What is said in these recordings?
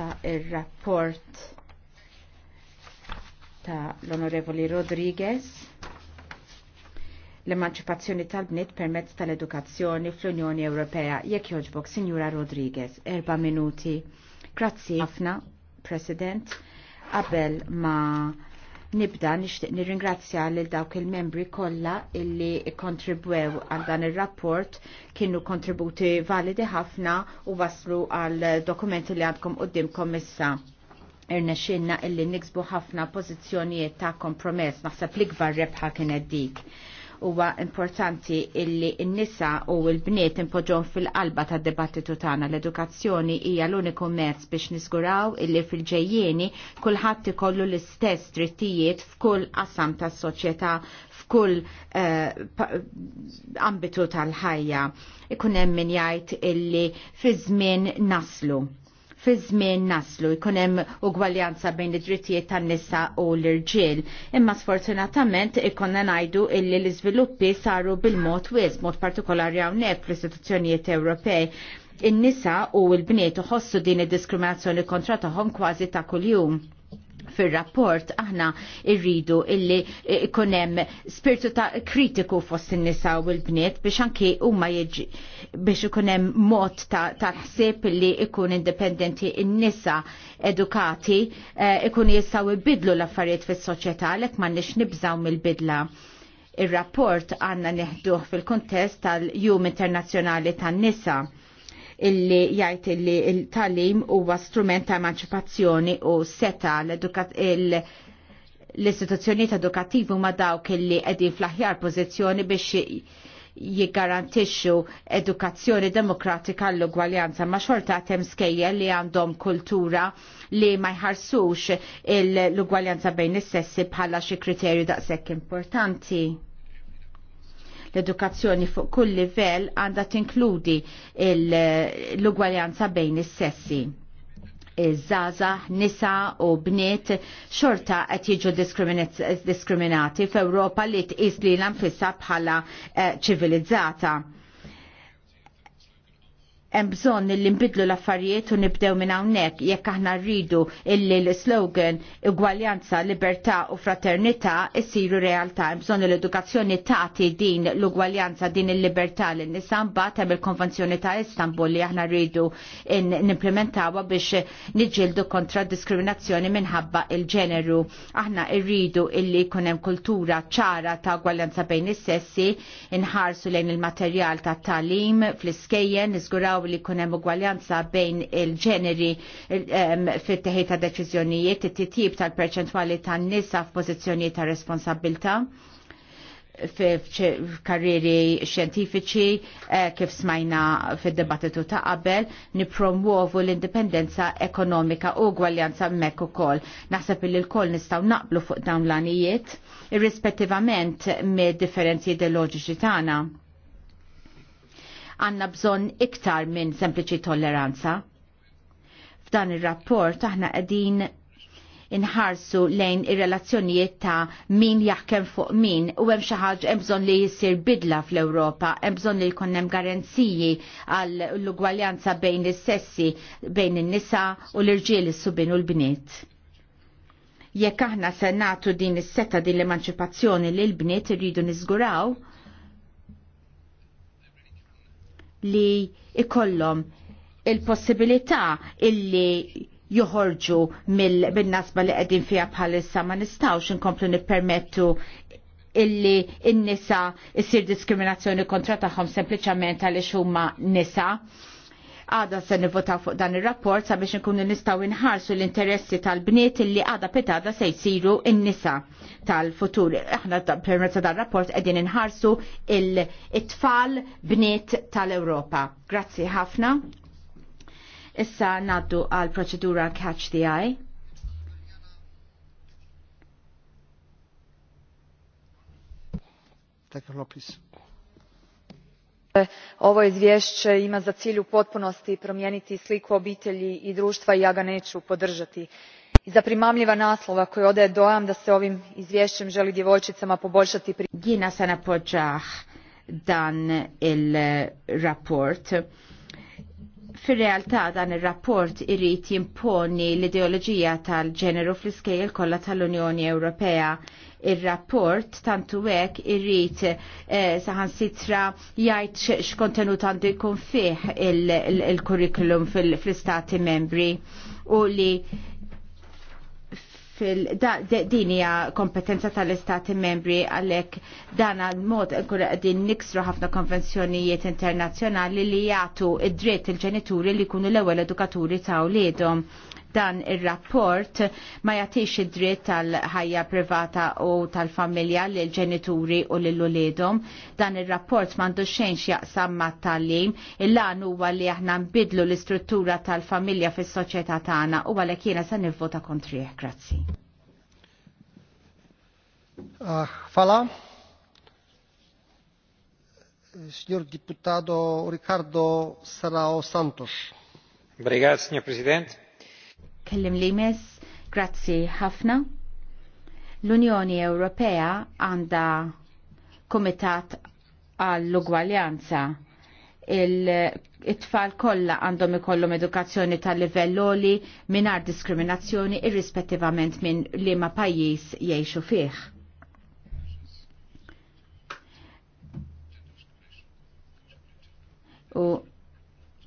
issa il-rapport ta' l-Onorevoli Rodriguez l-emanċipazzjoni tal-bnit permezz tal-edukazzjoni fl-Unjoni Ewropea. Jekk joġbok, Signora Rodriguez, erba minuti. Grazzi ħafna, President, qabel ma' Nibda nixtieq nirringrazzja lil dawk il-membri kollha illi kontribwew għal dan ir-rapport kienu kontributi validi ħafna u waslu għal dokumenti li għandkom qudiemkom issa irnexxinna illi niksbu ħafna pożizzjonijiet ta' kompromess naħseb l-ikbar rebħa kienet dik huwa importanti illi n-nisa u l-bniet impoġon fil-qalba tad dibattitu tagħna l-edukazzjoni hija l-uniku mezz biex niżguraw illi fil-ġejjieni kulħadd ikollu l-istess drittijiet f'kull qasam tas-soċjetà f'kull eh, ambitu tal-ħajja. Ikun hemm min jgħid illi fi żmien naslu fi żmien naslu jkun hemm ugwaljanza bejn id-drittijiet tan-nisa u l-irġiel. Imma sfortunatament ikonna ngħidu illi l-iżviluppi saru bil-mod wis, mod partikolari hawnhekk fl-istituzzjonijiet Ewropej in-nisa u l-bniet uħossu din id-diskriminazzjoni kontra tagħhom kważi ta' kuljum fil-rapport aħna irridu illi ikunem spiritu ta' kritiku fost in-nisa u l-bniet biex anki huma jieġi biex ikunem mod ta', ta ħsieb illi ikun indipendenti n nisa edukati eh, ikun jistgħu ibidlu l-affarijiet fis-soċjetà għalhekk m'għandniex nibżgħu mill-bidla. Ir-rapport għandna neħduh fil-kuntest tal-Jum Internazzjonali tan-Nisa illi jajt illi il-talim huwa strument ta' emanċipazzjoni u seta l-istituzzjonijiet edukattivi ma dawk illi qegħdin fl-aħjar pożizzjoni biex jiggarantixxu edukazzjoni demokratika l-ugwaljanza ma xorta hemm skejja li għandhom kultura li ma jħarsux l-ugwaljanza bejn is-sessi bħala xi kriterju daqshekk importanti. L-edukazzjoni fuq kull livell għandha tinkludi l-ugwaljanza bejn is-sessi zaza, nisa u bniet xorta qed jiġu diskriminati f'Ewropa li tqis li l-anfissa bħala eh, ċivilizzata. Eh, hemm bżonn li nbidlu l-affarijiet u nibdew minn hawnhekk jekk aħna rridu illi l-slogan ugwaljanza, libertà u fraternità isiru realtà. Hemm bżonn l-edukazzjoni tagħti din l-ugwaljanza din il-libertà l nisa mbagħad hemm il-Konvenzjoni ta' Istanbul li aħna rridu nimplementawha biex niġġieldu kontra diskriminazzjoni minħabba il-ġeneru. Aħna rridu illi jkun hemm kultura ċara ta' ugwaljanza bejn is-sessi, inħarsu lejn il-materjal ta' talim fl-iskejjen, niżguraw naraw li kunem ugwaljanza bejn il-ġeneri fit teħi ta' deċizjonijiet, it-titjib tal-perċentwali tan-nisa f'pożizzjonijiet ta' responsabilta' f'karriri xjentifiċi eh, kif smajna fid-dibattitu ta' qabel nipromuovu l-indipendenza ekonomika u gwaljanza mek ukoll. Naħseb li l-koll nistgħu naqblu fuq dawn l-anijiet irrispettivament mid differenzi ideoloġiċi tagħna għanna bżon iktar minn sempliċi tolleranza. F'dan ir-rapport aħna qegħdin inħarsu lejn ir-relazzjonijiet ta' min jaħkem fuq min u hemm xi ħaġa hemm bżonn li jsir bidla fl-Ewropa, hemm bżonn li jkun hemm garanziji għall l-ugwaljanza bejn is-sessi bejn in-nisa u l-irġiel is-subin u l-bniet. Jekk aħna se nagħtu din is-seta din l-emanċipazzjoni lil bniet irridu niżguraw, li ikollhom il-possibilità illi joħorġu mill-nasba li qegħdin fiha bħalissa ma nistgħux inkomplu nippermettu illi n-nisa issir diskriminazzjoni kontra tagħhom sempliċament għaliex huma nisa. Għada se nivota fuq dan il-rapport sabiex nkunu nistaw inħarsu l-interessi tal-bniet illi għada petada se jisiru in-nisa tal-futur. Aħna permezz dan rapport qegħdin inħarsu il-tfal bniet tal-Ewropa. Grazzi ħafna. Issa naddu għal proċedura Catch the Eye. Thank you, Lopez. E, ovo izvješće ima za cilj u potpunosti promijeniti sliku obitelji i društva i ja ga neću podržati. iza primamljiva naslova koji odaje dojam da se ovim izvješćem želi djevojčicama poboljšati Fir-realtà dan ir-rapport irid jimponi l-ideoloġija tal-ġeneru fl-iskejjel kollha tal-Unjoni Ewropea il-rapport tantu hekk irrid eh, saħan sitra jgħid x'kontenut għandu jkun fih il-kurrikulum fl-istati membri u li fil-din hija kompetenza tal-istati membri għalhekk dan għal-mod din niksru ħafna konvenzjonijiet internazzjonali li jagħtu id-dritt il-ġenituri li jkunu l-ewwel edukaturi ta' wliedhom dan ir-rapport ma jagħtix id-dritt tal-ħajja privata u tal-familja l ġenituri u lil uliedhom. Dan ir-rapport m'għandu xenx jaqsam mat lim il-lan huwa li aħna nbidlu l-istruttura tal-familja fis-soċjetà tagħna u għalli kiena se nivvota kontrih. Grazzi. Ah, fala. Signor Diputato Riccardo Sarao Santos. Obrigado, Signor Presidente kellim li mes, grazzi ħafna. L-Unjoni Ewropea għanda komitat għall-ugwaljanza il-tfal kollha għandhom ikollhom edukazzjoni tal livell oli mingħajr diskriminazzjoni irrispettivament minn liema pajjiż jgħixu fih. U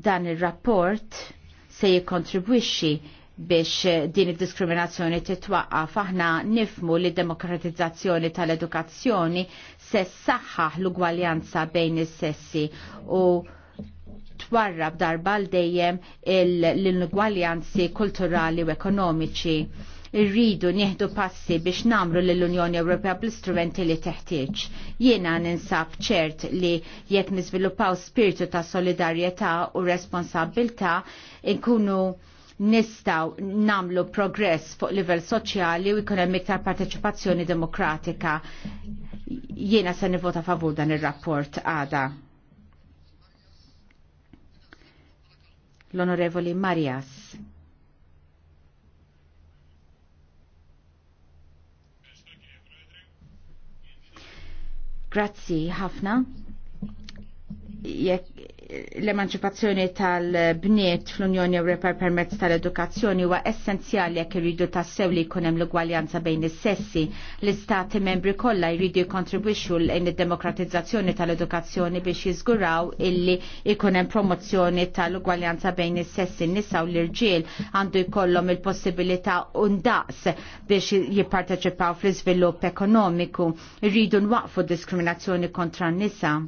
dan ir rapport se jikkontribwixxi biex eh, din id-diskriminazzjoni titwaqqa aħna nifmu li demokratizzazzjoni tal-edukazzjoni se saħħaħ l-ugwaljanza bejn is-sessi u twarra darba l dejjem l-ugwaljanzi kulturali u ekonomiċi. Irridu nieħdu passi biex namru l-Unjoni Ewropea bl-istrumenti li teħtieġ. Jiena ninsab ċert li jekk niżviluppaw spiritu ta' solidarjetà u responsabilta nkunu nistaw namlu progress fuq livell soċjali u jkun hemm iktar parteċipazzjoni demokratika. Jiena se nivota favur dan ir-rapport għada. L-Onorevoli Marias. Grazzi ħafna l-emanċipazzjoni tal-bniet fl-Unjoni Ewropea permezz tal-edukazzjoni huwa essenzjali jekk irridu tassew li jkun hemm l-ugwaljanza bejn is-sessi. L-istati membri kollha jridu jkontribwixxu lejn id-demokratizzazzjoni tal-edukazzjoni biex jiżguraw illi jkun hemm promozzjoni tal-ugwaljanza bejn is-sessi nisa u l-irġiel għandu jkollhom il-possibilità u ndaqs biex jipparteċipaw fl-iżvilupp ekonomiku. Irridu nwaqfu diskriminazzjoni kontra n-nisa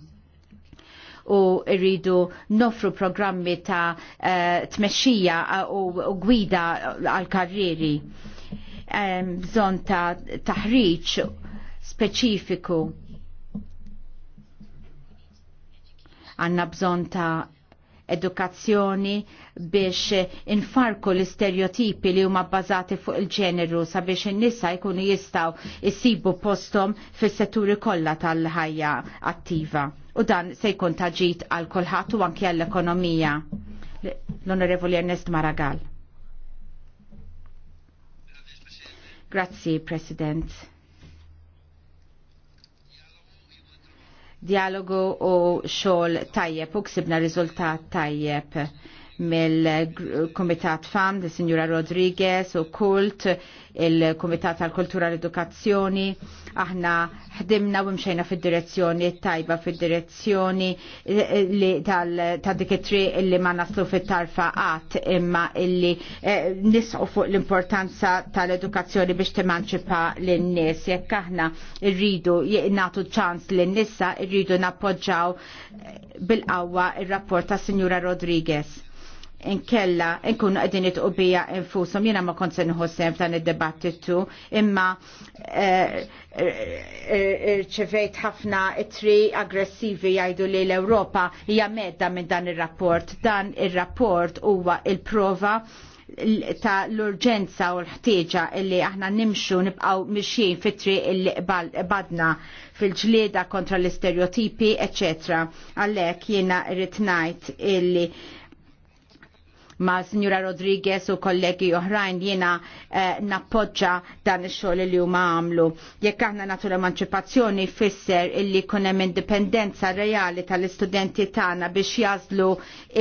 u rridu nofru programmi ta' uh, tmexxija eh, u, uh, gwida għal-karriri. Um, bżon ta' taħriġ speċifiku. Għanna bżon ta' edukazzjoni biex infarku l-istereotipi li huma bbażati fuq il-ġeneru sabiex in-nisa jkunu jistgħu jsibu postom fis-setturi kollha tal-ħajja attiva u dan se jkun taġit għal kulħadd u anke għall ekonomija L-Onorevoli Ernest Maragall. Grazzi, President. Dialogu u xogħol tajjeb u ksibna riżultat tajjeb mill-Komitat FAM, di Signora Rodriguez u Kult, il-Komitat tal-Kultura l-Edukazzjoni. Aħna ħdimna u mxejna fil-direzzjoni tajba fil-direzzjoni li tal-dikitri illi ma naslu fil-tarfa għat imma illi eh, nisqu fuq l-importanza tal-edukazzjoni biex timanċipa l-nis. Jekk aħna rridu natu ċans l-nissa, irridu nappoġġaw eh, bil-qawwa il-rapport ta' Signora Rodriguez inkella nkunu qegħdin itqubija infushom jiena ma konsen inħossem f'dan id-dibattitu imma eh, eh, eh, rċevejt ħafna tri aggressivi jgħidu li l-Ewropa hija medda minn dan ir-rapport. Dan ir-rapport huwa il-prova ta' l-urġenza u l-ħtieġa illi aħna nimxu nibqaw mixjien fitri illi badna fil-ġlieda kontra l-istereotipi, eccetera. Għalhekk jiena rrid ngħid illi ma' Signora Rodriguez u kollegi oħrajn jiena eh, nappoġġa dan ix-xogħol li huma għamlu. Jekk aħna nagħtu l-emanċipazzjoni fisser illi jkun hemm indipendenza reali tal-istudenti tagħna biex jażlu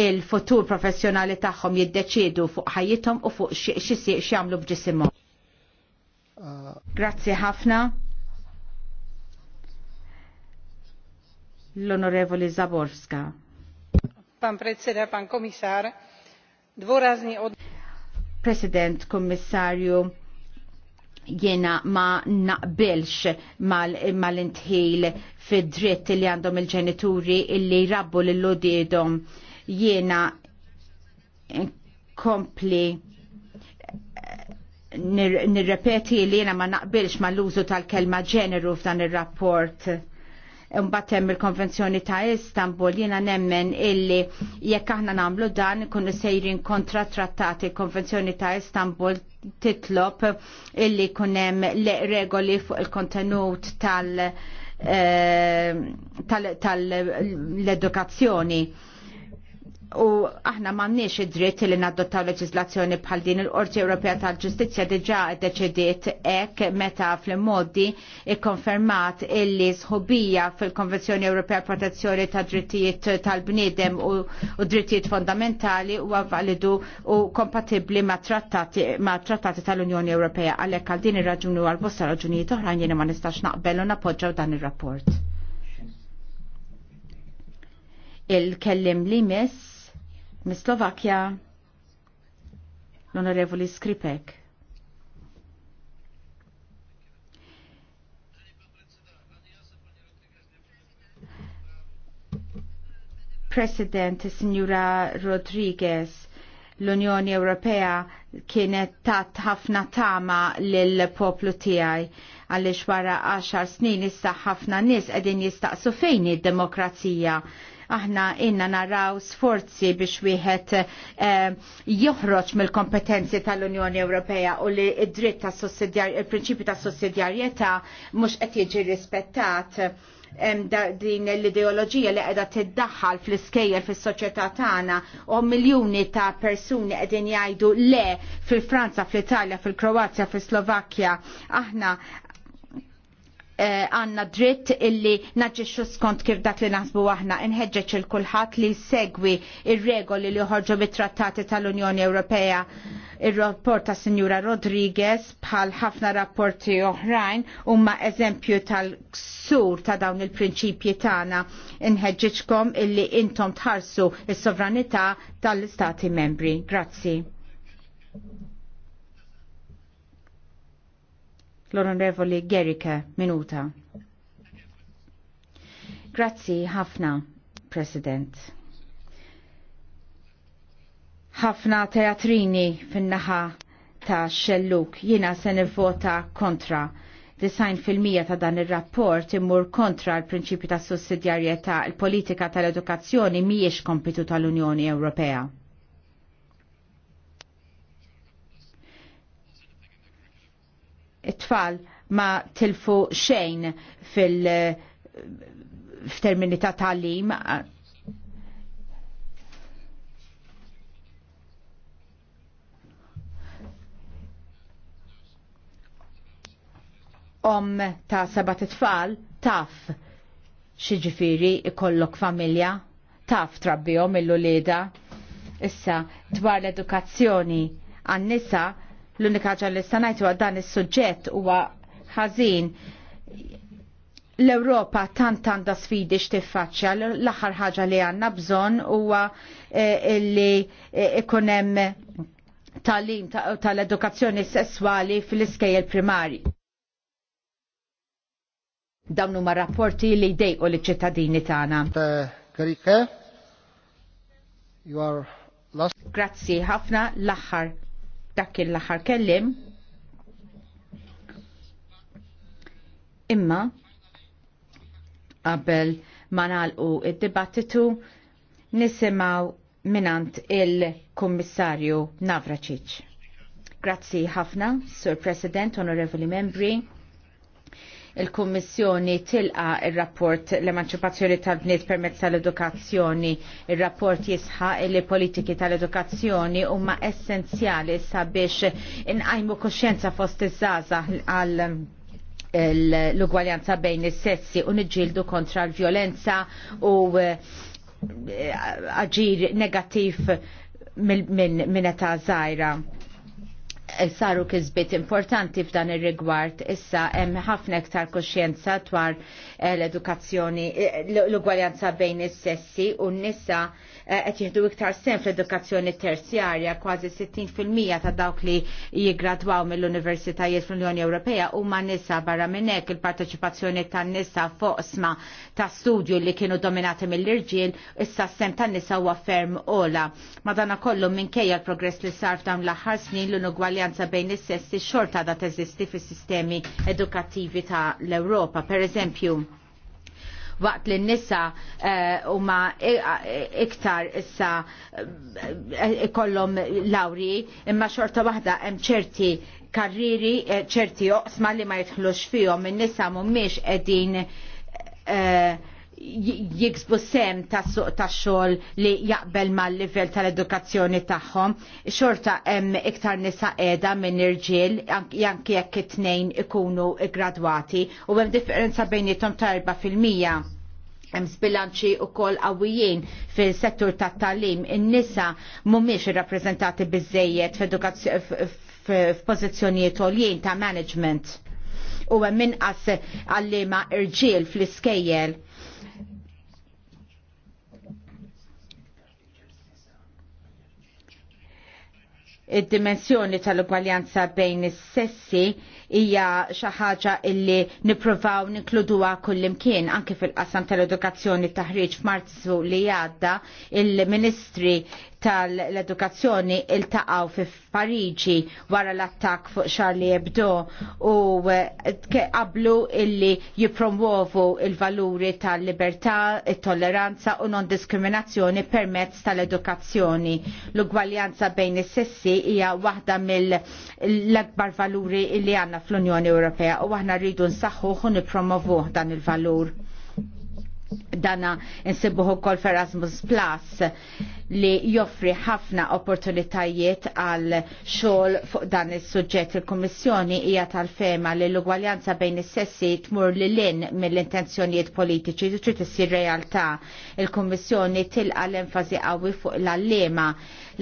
il-futur professjonali tagħhom jiddeċiedu fuq ħajjithom u fuq xi x'jagħmlu b'ġisimhom. Uh, Grazzi ħafna. L-Onorevoli Zaborska. Pan predseda, pan komisar, od... President, Kommissarju, jena ma naqbilx mal-intħil mal fid-dritt li għandhom il-ġenituri illi rabbu l-lodiedhom jena kompli eh, nirrepeti li jena ma naqbilx mal-użu tal-kelma ġeneru f'dan ir rapport Mbagħad hemm il-Konvenzjoni ta' Istanbul jiena nemmen illi jekk aħna nagħmlu dan ikunu sejrin kontra trattati il-Konvenzjoni ta' Istanbul titlob illi jkun hemm regoli fuq il-kontenut tal- tal-edukazzjoni. Eh, tal, tal, tal u aħna m'għandniex id-dritt li nadottaw leġislazzjoni bħal din il-Qorti Ewropea tal-Ġustizzja diġà deċidiet hekk meta fl-immodi ikkonfermat illi sħubija fil-Konvenzjoni Ewropea Protezzjoni ta' Drittijiet tal-Bniedem u, u drittijiet fondamentali huwa validu u kompatibbli ma' trattati, ma trattati tal-Unjoni Ewropea għalhekk għal din ir-raġuni u għall bosta raġunijiet oħrajn jiena ma nistax naqbel u napoġġaw dan ir-rapport. Il-kellim li miss Mislovakja l-Onorevoli Skripek. President Signora Rodriguez, l-Unjoni Ewropea kienet tat ħafna tama lil poplu tiegħi għaliex wara 10 snin issa ħafna nies qegħdin jistaqsu fejn id-demokrazija Aħna inna naraw sforzi biex wieħed eh, joħroġ mill-kompetenzi tal-Unjoni Ewropea u li id-dritt ta' il-prinċipju ta' sussidjarjetà mhux qed jiġi rispettat din l-ideoloġija li qiegħda tiddaħħal fl-iskejjer fis-soċjetà tagħna u miljuni ta' persuni qegħdin jgħidu le fil-Franza, fl-Italja, fil-Kroazja, fil-Slovakkja. Aħna Eh, għanna dritt illi naġġiċu skont kif dak li nasbu aħna inħeġġeċ il-kulħat li segwi il-regoli li uħorġu bit-trattati tal-Unjoni Ewropea il-rapport ta' Signora Rodriguez bħal ħafna rapporti oħrajn umma eżempju tal-ksur ta' dawn il-prinċipji tagħna inħeġġeċkom illi intom tħarsu il sovranità tal-Istati membri. Grazzi. L-Onorevoli Gerike, minuta. Grazzi ħafna, President. Ħafna teatrini fin-naħa ta' xelluk jina se nivvota kontra. Design fil-mija ta' dan ir rapport immur kontra l-prinċipju ta' sussidjarjetà il-politika tal-edukazzjoni mhijiex kompitu tal-Unjoni Ewropea. it-tfal ma tilfu xejn fil- f'termini ta' talim om ta' seba tfal taf xieġifiri ikollok familja taf trabbihom il leda issa dwar l-edukazzjoni għan-nisa L-unika ħaġa li stanajt huwa dan is-suġġett huwa ħażin l ewropa tant għandha sfidi x'tiffaċċja l-aħħar ħaġa li għandna bżonn huwa eh, li eh, ikun hemm tal-lim tal-edukazzjoni sesswali fl-iskejjel primari. Dawn huma rapporti li jdejqu l-ċittadini tagħna. Eh, Grazzi ħafna l-aħħar dak il-aħħar kellim. Imma qabel ma nagħlqu id-dibattitu nisimgħu minant il-Kummissarju Navracic. Grazzi ħafna, Sir President, Onorevoli Membri il-Kummissjoni tilqa il-rapport l-emanċipazzjoni tal-bniet permezz tal-edukazzjoni. Il-rapport jisħa li politiki tal-edukazzjoni huma essenzjali sabiex inqajmu kuxjenza fost iż-żaza għal eh, l-ugwaljanza bejn is-sessi u niġġieldu kontra l-vjolenza u eh, aġir negattiv minn min, min, saru kizbit importanti f'dan ir-rigward issa hemm ħafna iktar kuxjenza dwar eh, l-edukazzjoni eh, l-ugwaljanza bejn is-sessi u n-nisa eh, qed jieħdu iktar sen fl-edukazzjoni terzjarja kważi 60% ta' dawk li jiggradwaw mill-universitajiet fl-Unjoni Ewropea huma nisa barra minn hekk il-parteċipazzjoni tan-nisa fuq sma ta' studju li kienu dominati mill-irġiel issa sem tan-nisa huwa ferm ola. Madana kollu minkejja l-progress li sar f'dawn l-aħħar snin l-inugwaljanza differenza bejn is-sessi xorta da teżisti fis-sistemi edukattivi ta' l-Ewropa. Per eżempju, waqt li n-nisa eh, huma e-, e-, iktar issa eh, ikollhom lawri imma xorta waħda hemm ċerti karriri eh, ċerti oqsma li ma jidħlux fihom n nisa mhumiex qegħdin jiksbu sem tas suq tax xogħol li jaqbel mal-livell tal-edukazzjoni tagħhom. Xorta hemm iktar nisa qiegħda minn irġiel anke jekk it-tnejn ikunu gradwati u hemm differenza bejnietom ta' 4 hemm sbilanċi wkoll qawwijin fil-settur tat-tagħlim. In-nisa mhumiex irrappreżentati biżejjed f'pożizzjonijiet għoljien ta' management u hemm inqas għallima irġiel fl-iskejjel id-dimensjoni tal-ugwaljanza bejn is-sessi hija xi ħaġa illi nippruvaw ninkluduha kullimkien anke fil-qasam tal-edukazzjoni taħriġ f'Marzu li għadda il-Ministri tal-edukazzjoni iltaqgħu fi Pariġi wara l-attak fuq Charlie Hebdo u eh, qablu illi jipromuovu il-valuri tal-libertà, il tolleranza u non-diskriminazzjoni permezz tal-edukazzjoni. L-ugwaljanza bejn is-sessi hija waħda mill-akbar valuri li għandna fl-Unjoni Ewropea u aħna rridu nsaħħuh u nippromovuh dan il-valur dana nsibuħu kol f'Erasmus Plus li joffri ħafna opportunitajiet għal xogħol fuq dan is-suġġett il kummissjoni hija tal-fema li l-ugwaljanza bejn is-sessi tmur li lin mill-intenzjonijiet politiċi trid issir realtà. Il-Kummissjoni tilqa l-enfasi qawwi fuq l-allema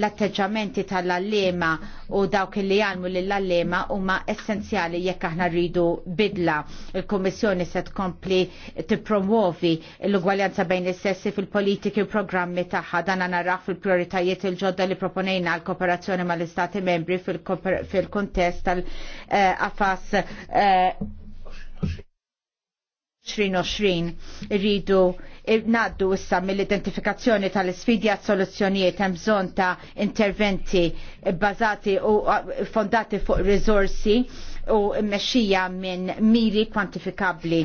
l-atteġġamenti tal-allema u dawk li jgħalmu l allema huma essenzjali jekk aħna rridu bidla. Il-Kummissjoni se tkompli tippromuovi l l-ugwaljanza bejn is-sessi fil-politiki u programmi tagħha dan nara fil-prioritajiet il-ġodda li proponejna l kooperazzjoni mal-Istati membri fil-kontest tal-afas eh, 2020 eh, irridu naddu issa mill-identifikazzjoni tal-sfidi għat soluzzjonijiet hemm bżonn ta' interventi bbażati u eh, fondati fuq risorsi u mmexxija minn miri kwantifikabbli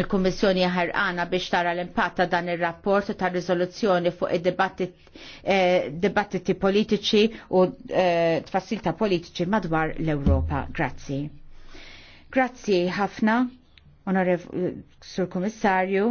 il-Kommissjoni ħarqana biex tara l-impatt ta' dan ir-rapport ta' riżoluzzjoni fuq id-dibattiti eh, politiċi u eh, tfassilta politiċi madwar l-Ewropa. Grazzi. Grazzi ħafna, Onorev eh, Sur Kommissarju.